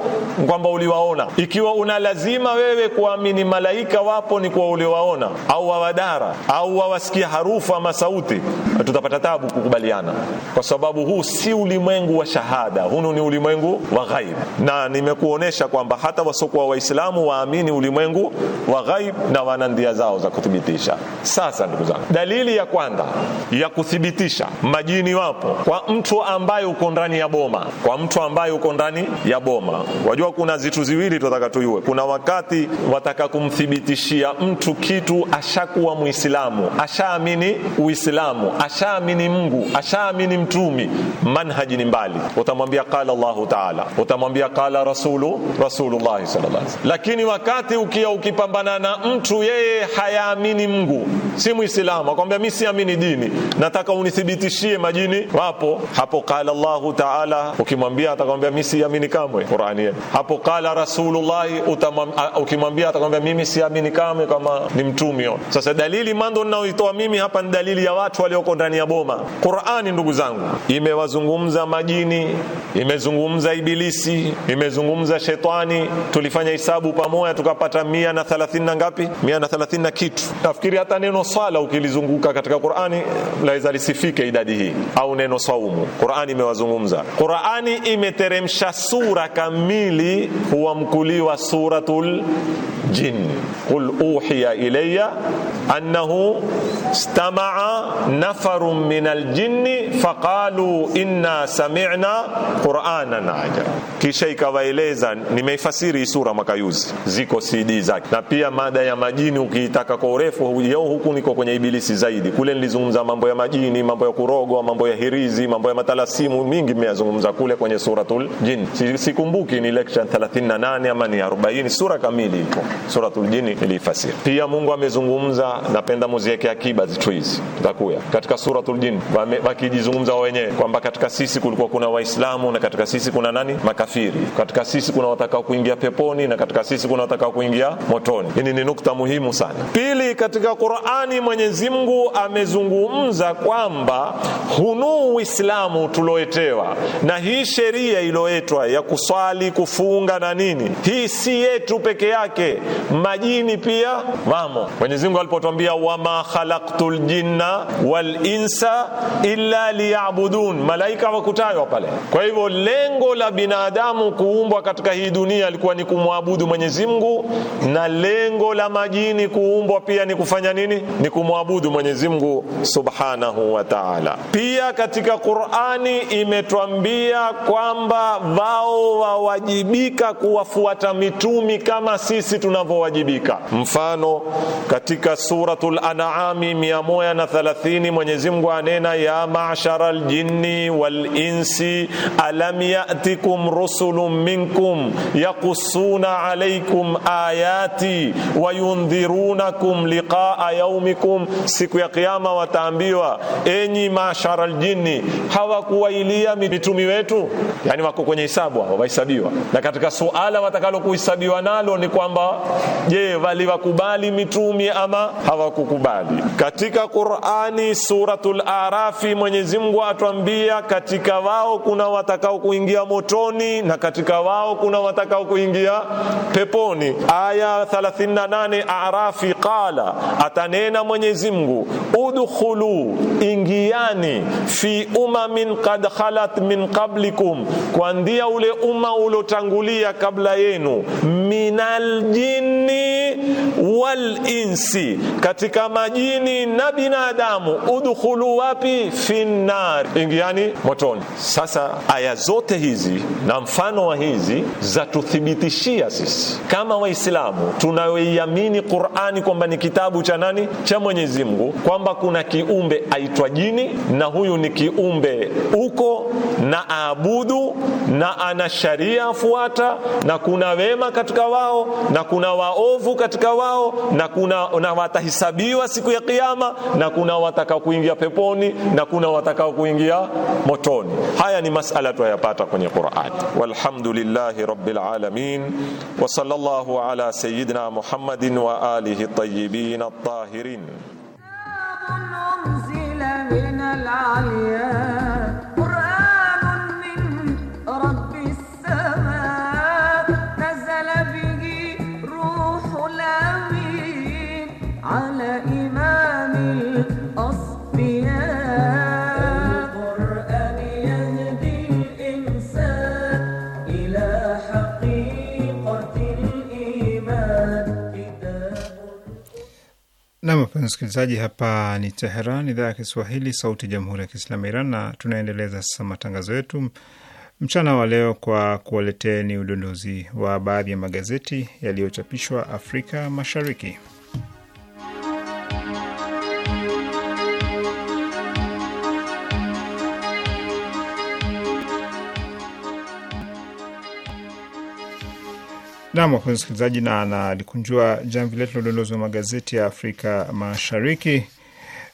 kwamba uliwaona ikiwa una lazima wewe kuamini malaika wapo ni kwa uliwaona au wawadara au wawasikia harufu kufa masauti, tutapata tabu kukubaliana, kwa sababu huu si ulimwengu wa shahada, huu ni ulimwengu wa ghaib. Na nimekuonesha kwamba hata wasokuwa Waislamu waamini ulimwengu wa ghaib na wana ndia zao za kuthibitisha. Sasa ndugu zangu, dalili ya kwanza ya kuthibitisha majini wapo kwa mtu ambaye uko ndani ya boma, kwa mtu ambaye uko ndani ya boma. Wajua kuna zitu ziwili tunataka tuyue. Kuna wakati wataka kumthibitishia mtu kitu ashakuwa Muislamu, ashaamini ashaamini Uislamu, ashaamini Mungu, ashaamini mtumi, manhaji ni mbali. Utamwambia qala Allahu taala, utamwambia qala rasulu rasulullah sallallahu alaihi wasallam. Lakini wakati ukia ukipambana na mtu yeye hayaamini Mungu, si Muislamu, akwambia mimi siamini dini, nataka unithibitishie majini wapo hapo. Qala Allahu taala, ukimwambia atakwambia mimi siamini kamwe, Qurani hapo. Qala rasulullah, ukimwambia atakwambia mimi siamini kamwe kama ni mtumi. Sasa dalili mando ninaoitoa mimi hapa hapa ni dalili ya watu walioko ndani ya boma. Qurani ndugu zangu, imewazungumza majini, imezungumza ibilisi, imezungumza shetani. Tulifanya hisabu pamoja tukapata mia na thalathini na ngapi? Mia na thalathini na kitu. Nafikiri hata neno swala ukilizunguka katika Qurani laweza lisifike idadi hii, au neno saumu. Qurani imewazungumza. Qurani imeteremsha sura kamili, huwamkuliwa suratul jin, qul uhiya ilayya annahu sta fajtamaa nafaru min aljinni faqalu inna sami'na quranan ajab, kisha ikawaeleza. Nimeifasiri sura makayuzi, ziko CD zake, na pia mada ya majini ukiitaka kwa urefu yao. Huku niko kwenye ibilisi zaidi, kule nilizungumza mambo ya majini, mambo ya kurogwa, mambo ya hirizi, mambo ya matalasimu, mingi nimeyazungumza kule kwenye suratul jin. Sikumbuki ni lecture 38 ama ni 40, sura kamili ipo suratul jin ilifasiri Pia Mungu amezungumza, napenda muzieke akiba zitu hizi tutakuya katika suratul jin wakijizungumza wenyewe kwamba katika sisi kulikuwa kuna waislamu na katika sisi kuna nani makafiri katika sisi kuna watakao kuingia peponi na katika sisi kuna watakao kuingia motoni hili ni nukta muhimu sana pili katika qurani mwenyezi mungu amezungumza kwamba hunu uislamu tuloetewa na hii sheria iloetwa ya kuswali kufunga na nini hii si yetu peke yake majini pia wamo mwenyezi mungu alipotwambia wama khalaqtul jinna wal insa illa liyabudun, malaika wakutajwa pale. Kwa hivyo lengo la binadamu kuumbwa katika hii dunia alikuwa ni kumwabudu Mwenyezi Mungu, na lengo la majini kuumbwa pia ni kufanya nini? Ni kumwabudu Mwenyezi Mungu subhanahu wa ta'ala. Pia katika Qur'ani imetwambia kwamba wao wawajibika kuwafuata mitumi kama sisi tunavyowajibika. Mfano katika suratul An'am 130 Mwenyezi Mungu anena, ya ma'shara aljinni wal insi alam ya'tikum rusulun minkum yaqussuna alaykum ayati wa yundhirunakum liqa'a yaumikum, siku ya kiyama wataambiwa, enyi ma'shara aljinni, hawakuwailia mitumi wetu, yani wako kwenye hisabu hao, wahesabiwa. Na katika suala watakalo kuhesabiwa nalo ni kwamba je, waliwakubali mitumi ama hawakukubali katika Qur'ani suratul Arafi Mwenyezi Mungu atuambia katika wao kuna watakao kuingia motoni na katika wao kuna watakao kuingia peponi. Aya 38 Arafi qala, atanena Mwenyezi Mungu udkhulu, ingiani fi umamin qad khalat min qablikum, kwa ndia ule umma ulotangulia kabla yenu, minal jinni wal insi, katika majini na binadamu, udkhulu wapi? Finnar, ingiani motoni. Sasa aya zote hizi na mfano wa hizi zatuthibitishia sisi kama Waislamu tunayoiamini Qurani kwamba ni kitabu cha nani? Cha Mwenyezi Mungu, kwamba kuna kiumbe aitwa jini na huyu ni kiumbe uko na aabudu na ana sharia afuata, na kuna wema katika wao na kuna waovu katika wao na kuna na watahisabiwa siku ya Kiyama. na kuna watakao kuingia peponi na kuna watakao kuingia motoni haya ni masala tuyapata kwenye Qur'an walhamdulillahi rabbil alamin wa sallallahu ala sayyidina Muhammadin wa alihi tayyibin at-tahirin. من Nam, msikilizaji, hapa ni Teheran, idhaa ya Kiswahili, sauti ya jamhuri ya kiislamu ya Iran, na tunaendeleza sasa matangazo yetu mchana wa leo kwa kuwaleteni udondozi wa baadhi ya magazeti yaliyochapishwa Afrika Mashariki. Nam, wapenzi msikilizaji, na nalikunjua jamvi letu la udondozi wa magazeti ya Afrika Mashariki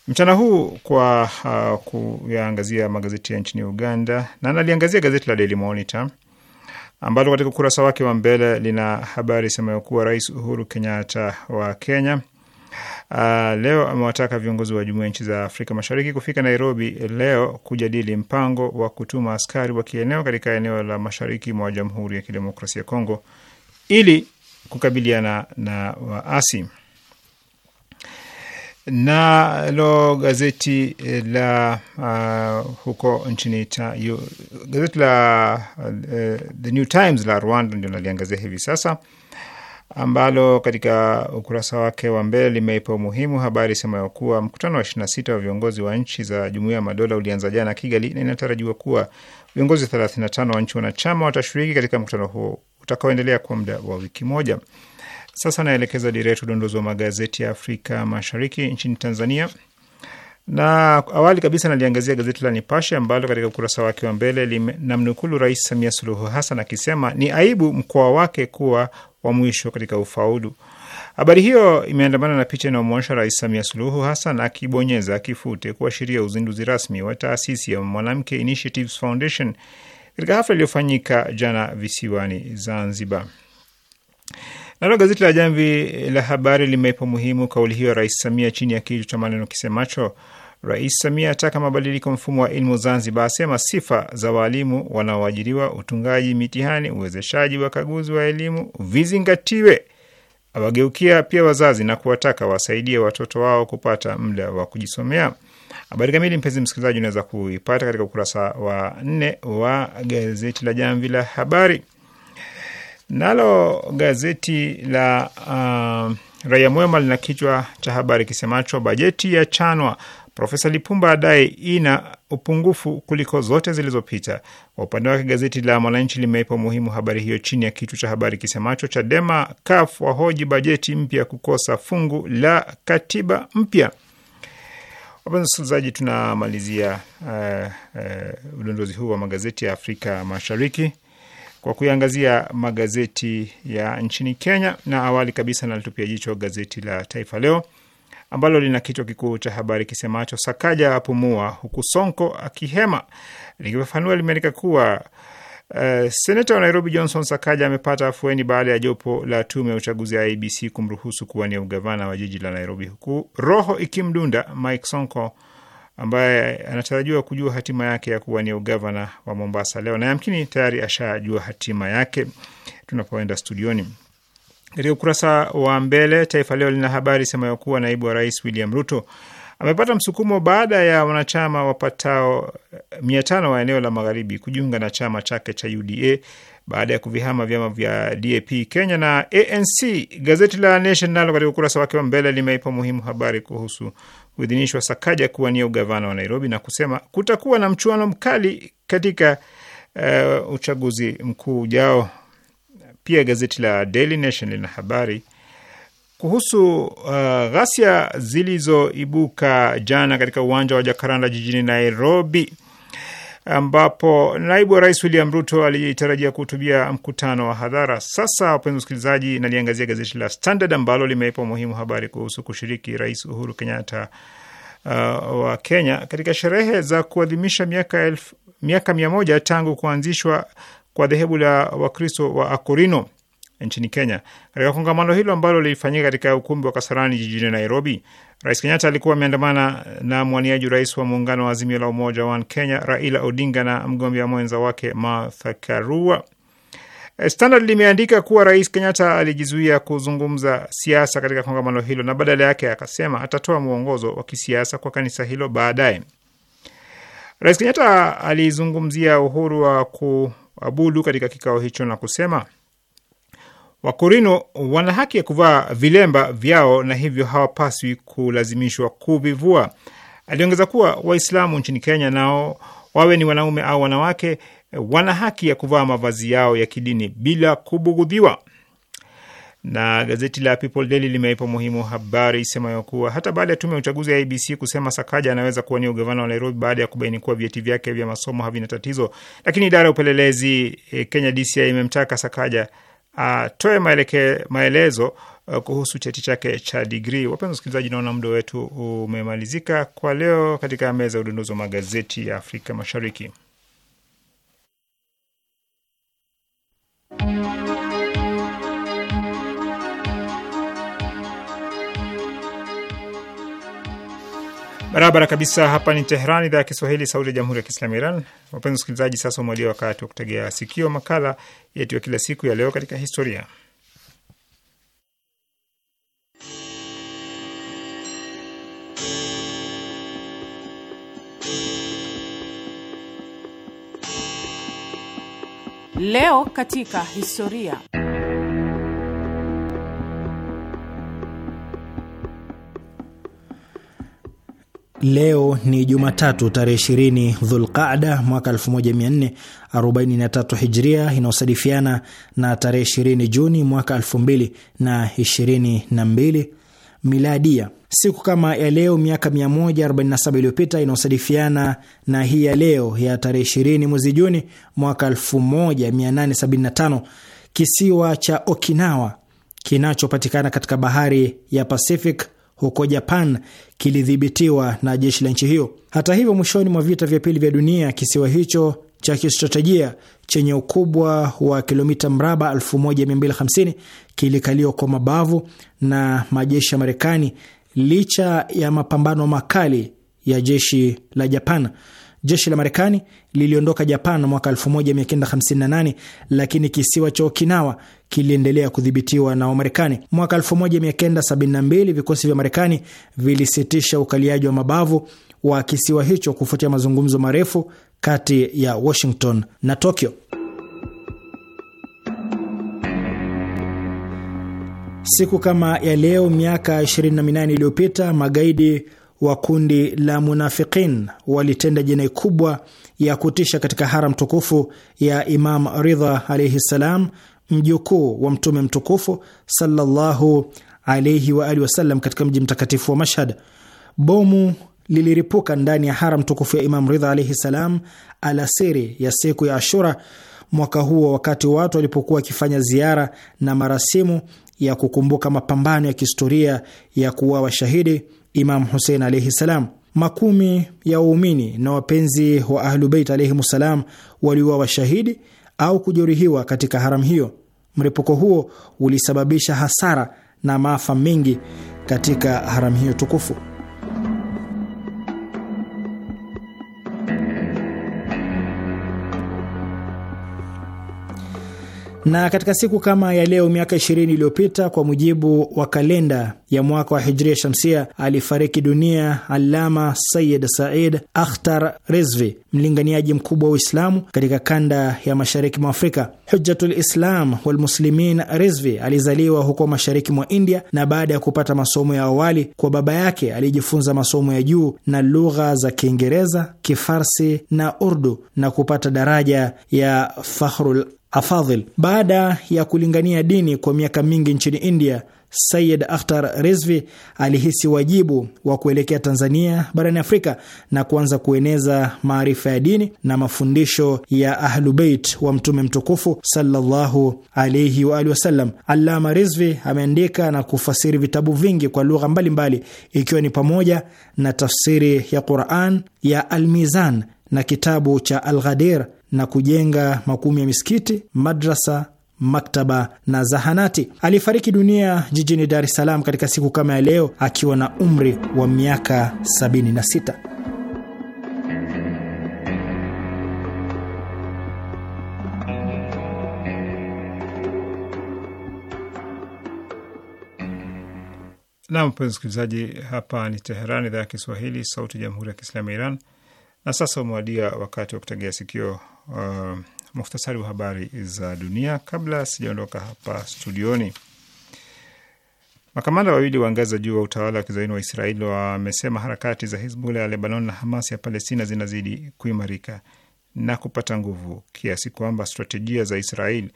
mchana huu kwa uh, kuyaangazia magazeti ya nchini Uganda, na naliangazia gazeti la Daily Monitor ambalo katika ukurasa wake wa mbele lina habari semayo kuwa Rais Uhuru Kenyatta wa Kenya uh, leo amewataka viongozi wa jumuiya nchi za Afrika Mashariki kufika Nairobi leo kujadili mpango wa kutuma askari wa kieneo katika eneo la mashariki mwa Jamhuri ya Kidemokrasia ya Kongo ili kukabiliana na waasi. Nalo gazeti la uh, huko nchini ta, yu, gazeti la uh, The New Times la Rwanda ndio naliangazia hivi sasa, ambalo katika ukurasa wake wa mbele limeipa umuhimu habari semayo kuwa mkutano wa sita wa viongozi wa nchi za Jumuiya ya Madola ulianza jana Kigali, na inatarajiwa kuwa viongozi tano wa nchi wanachama watashiriki katika mkutano huo utakaoendelea kwa muda wa wiki moja. Sasa naelekeza dira yetu wa magazeti ya Afrika Mashariki nchini Tanzania, na awali kabisa naliangazia gazeti la Nipashe ambalo katika ukurasa wake wa mbele linamnukulu Rais Samia Suluhu Hassan akisema ni aibu mkoa wake kuwa wa mwisho katika ufaulu. Habari hiyo imeandamana na picha inayomwonyesha Rais Samia Suluhu Hassan akibonyeza kifute kuashiria uzinduzi rasmi wa taasisi ya Mwanamke Initiatives Foundation katika hafla iliyofanyika jana visiwani Zanzibar. Nalo gazeti la Jamvi la Habari limeipa muhimu kauli hiyo ya Rais Samia chini ya kichwa cha maneno kisemacho Rais Samia ataka mabadiliko mfumo wa elimu Zanzibar, asema sifa za waalimu wanaoajiriwa, utungaji mitihani, uwezeshaji wakaguzi wa elimu vizingatiwe. Awageukia pia wazazi na kuwataka wasaidie watoto wao kupata muda wa kujisomea. Habari kamili, mpenzi msikilizaji, unaweza kuipata katika ukurasa wa nne wa gazeti la Jamvi la Habari. Nalo gazeti la uh, Raia Mwema lina kichwa cha habari kisemacho bajeti ya chanwa Profesa Lipumba adai ina upungufu kuliko zote zilizopita. Kwa upande wake gazeti la Mwananchi limeipa umuhimu habari hiyo chini ya kichwa cha habari kisemacho Chadema, CUF wahoji bajeti mpya kukosa fungu la katiba mpya. Wapenzi wasikilizaji, tunamalizia uh, uh, udondozi huu wa magazeti ya Afrika Mashariki kwa kuiangazia magazeti ya nchini Kenya, na awali kabisa nalitupia jicho gazeti la Taifa Leo ambalo lina kichwa kikuu cha habari kisemacho Sakaja apumua huku Sonko akihema. Likifafanua, limeandika kuwa Uh, eh, seneta wa Nairobi Johnson Sakaja amepata afueni baada ya jopo la tume ya uchaguzi ya IBC kumruhusu kuwania ugavana wa jiji la Nairobi, huku roho ikimdunda Mike Sonko ambaye anatarajiwa kujua hatima yake ya kuwania ugavana wa Mombasa leo na yamkini tayari ashajua hatima yake tunapoenda studioni. Katika ukurasa wa mbele, Taifa Leo lina habari sema ya kuwa naibu wa rais William Ruto amepata msukumo baada ya wanachama wapatao eh, mia tano wa eneo la magharibi kujiunga na chama chake cha UDA baada ya kuvihama vyama vya DAP Kenya na ANC. Gazeti la Nation nalo katika ukurasa wake wa mbele limeipa muhimu habari kuhusu kuidhinishwa Sakaja kuwania ugavana wa Nairobi na kusema kutakuwa na mchuano mkali katika uh, uchaguzi mkuu ujao. Pia gazeti la Daily Nation lina habari kuhusu uh, ghasia zilizoibuka jana katika uwanja wa Jakaranda jijini Nairobi ambapo naibu wa rais William Ruto alitarajia kuhutubia mkutano wa hadhara. Sasa wapenzi wasikilizaji, naliangazia gazeti la Standard ambalo limeipa umuhimu habari kuhusu kushiriki Rais Uhuru Kenyatta uh, wa Kenya katika sherehe za kuadhimisha miaka elfu, miaka mia moja tangu kuanzishwa kwa dhehebu la Wakristo wa Akorino nchini Kenya. Katika kongamano hilo ambalo lilifanyika katika ukumbi wa Kasarani jijini Nairobi, Rais Kenyatta alikuwa ameandamana na mwaniaji rais wa muungano wa Azimio la Umoja wa Kenya Raila Odinga na mgombea mwenza wake Martha Karua. Eh, Standard limeandika kuwa Rais Kenyatta alijizuia kuzungumza siasa katika kongamano hilo na badala yake akasema atatoa mwongozo wa kisiasa kwa kanisa hilo baadaye. Rais Kenyatta alizungumzia uhuru wa kuabudu katika kikao hicho na kusema Wakorino wana haki ya kuvaa vilemba vyao na hivyo hawapaswi kulazimishwa kuvivua. Aliongeza kuwa Waislamu nchini Kenya nao wawe ni wanaume au wanawake, wana haki ya kuvaa mavazi yao ya kidini bila kubugudhiwa. Na gazeti la People Daily limeipa muhimu habari isemayo kuwa hata baada ya tume ya uchaguzi ya IBC kusema Sakaja anaweza kuwania ugavana wa Nairobi baada ya kubaini kuwa vyeti vyake vya masomo havina tatizo, lakini idara ya upelelezi eh, Kenya DCI imemtaka Sakaja atoe maelezo uh, kuhusu cheti chake cha digrii. Wapenzi wasikilizaji, naona muda wetu umemalizika kwa leo katika meza ya udondozi wa magazeti ya Afrika Mashariki. Barabara kabisa, hapa ni Teheran, idhaa ya Kiswahili, sauti ya jamhuri ya kiislamu Iran. Wapenzi wasikilizaji, sasa umewadia wakati wa kutegea sikio makala yetu ya kila siku ya leo katika historia. Leo katika historia Leo ni Jumatatu tarehe 20 Dhulqaada mwaka 1443 Hijria, inayosadifiana na tarehe 20 Juni mwaka 2022 Miladia. Siku kama ya leo miaka 147 iliyopita, inayosadifiana na hii ya leo ya tarehe 20 mwezi Juni mwaka 1875, kisiwa cha Okinawa kinachopatikana katika bahari ya Pacific huko Japan kilidhibitiwa na jeshi la nchi hiyo. Hata hivyo, mwishoni mwa vita vya pili vya dunia, kisiwa hicho cha kistratejia chenye ukubwa wa kilomita mraba 1250 kilikaliwa kwa mabavu na majeshi ya Marekani licha ya mapambano makali ya jeshi la Japan. Jeshi la Marekani liliondoka Japan mwaka 1958 lakini kisiwa cha Okinawa kiliendelea kudhibitiwa na Wamarekani. Mwaka 1972 vikosi vya Marekani vilisitisha ukaliaji wa mabavu wa kisiwa hicho kufuatia mazungumzo marefu kati ya Washington na Tokyo. Siku kama ya leo miaka 28 iliyopita magaidi wa kundi la munafiqin walitenda jinai kubwa ya kutisha katika haram tukufu ya Imam Ridha alaihi ssalam, mjukuu wa Mtume mtukufu sallallahu alaihi wa alihi wasallam, katika mji mtakatifu wa Mashhad. Bomu liliripuka ndani ya haram tukufu ya Imam Ridha alaihi ssalam alasiri ya siku ya Ashura mwaka huo, wakati watu walipokuwa wakifanya ziara na marasimu ya kukumbuka mapambano ya kihistoria ya kuuawa shahidi Imam Husein alaihi ssalam. Makumi ya waumini na wapenzi wa Ahlubeit alaihim ssalam waliuawa washahidi au kujeruhiwa katika haramu hiyo. mripuko huo ulisababisha hasara na maafa mengi katika haramu hiyo tukufu. Na katika siku kama ya leo miaka 20 iliyopita kwa mujibu wa kalenda ya mwaka wa Hijria Shamsia, alifariki dunia Allama sayid Said Akhtar Rezvi, mlinganiaji mkubwa wa Uislamu katika kanda ya mashariki mwa Afrika. Hujjatul Islam Walmuslimin Rezvi alizaliwa huko mashariki mwa India, na baada ya kupata masomo ya awali kwa baba yake alijifunza masomo ya juu na lugha za Kiingereza, Kifarsi na Urdu na kupata daraja ya Fakhrul Afadhil. Baada ya kulingania dini kwa miaka mingi nchini India, Sayid Akhtar Rizvi alihisi wajibu wa kuelekea Tanzania barani Afrika na kuanza kueneza maarifa ya dini na mafundisho ya Ahlubeit wa Mtume mtukufu sallallahu alaihi wa wasallam. Allama Rizvi ameandika na kufasiri vitabu vingi kwa lugha mbalimbali, ikiwa ni pamoja na tafsiri ya Quran ya Almizan na kitabu cha Alghadir na kujenga makumi ya misikiti, madrasa, maktaba na zahanati. Alifariki dunia jijini Dar es Salaam katika siku kama ya leo akiwa na umri wa miaka 76. Nam, mpenzi msikilizaji, hapa ni Teheran, idhaa ya Kiswahili, sauti ya jamhuri ya kiislamu ya Iran. Na sasa umewadia wakati wa kutegea sikio uh, muhtasari wa habari za dunia kabla sijaondoka hapa studioni. Makamanda wawili wa ngazi za juu wa utawala wa kizaini wa Israeli wamesema harakati za Hizbullah ya Lebanon na Hamas ya Palestina zinazidi kuimarika na kupata nguvu kiasi kwamba stratejia za Israel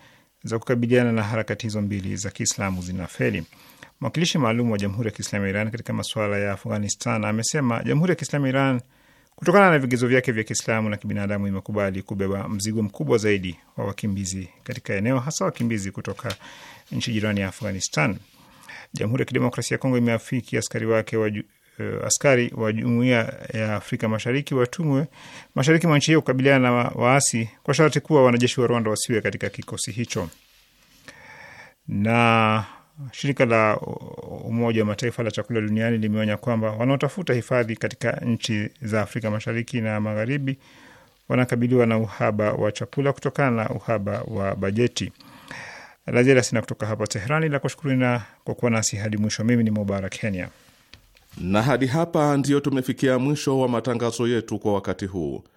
za kukabiliana na harakati hizo mbili za Kiislamu zinafeli. Mwakilishi maalum wa Jamhuri ya Kiislamu ya Iran katika masuala ya Afghanistan amesema Jamhuri ya Kiislamu ya Iran kutokana na vigezo vyake vya Kiislamu na kibinadamu imekubali kubeba mzigo mkubwa zaidi wa wakimbizi katika eneo, hasa wakimbizi kutoka nchi jirani ya Afghanistan. Jamhuri ya Kidemokrasia ya Kongo imeafiki askari wake wa uh, askari wa Jumuiya ya Afrika Mashariki watumwe mashariki mwa nchi hiyo kukabiliana na waasi kwa sharti kuwa wanajeshi wa Rwanda wasiwe katika kikosi hicho. Na Shirika la Umoja wa Mataifa la chakula duniani limeonya kwamba wanaotafuta hifadhi katika nchi za Afrika Mashariki na Magharibi wanakabiliwa na uhaba wa chakula kutokana na uhaba wa bajeti. La sina kutoka hapa Teherani, la kushukuru na kwa kuwa nasi hadi mwisho. Mimi ni Mubarak Kenya, na hadi hapa ndiyo tumefikia mwisho wa matangazo yetu kwa wakati huu.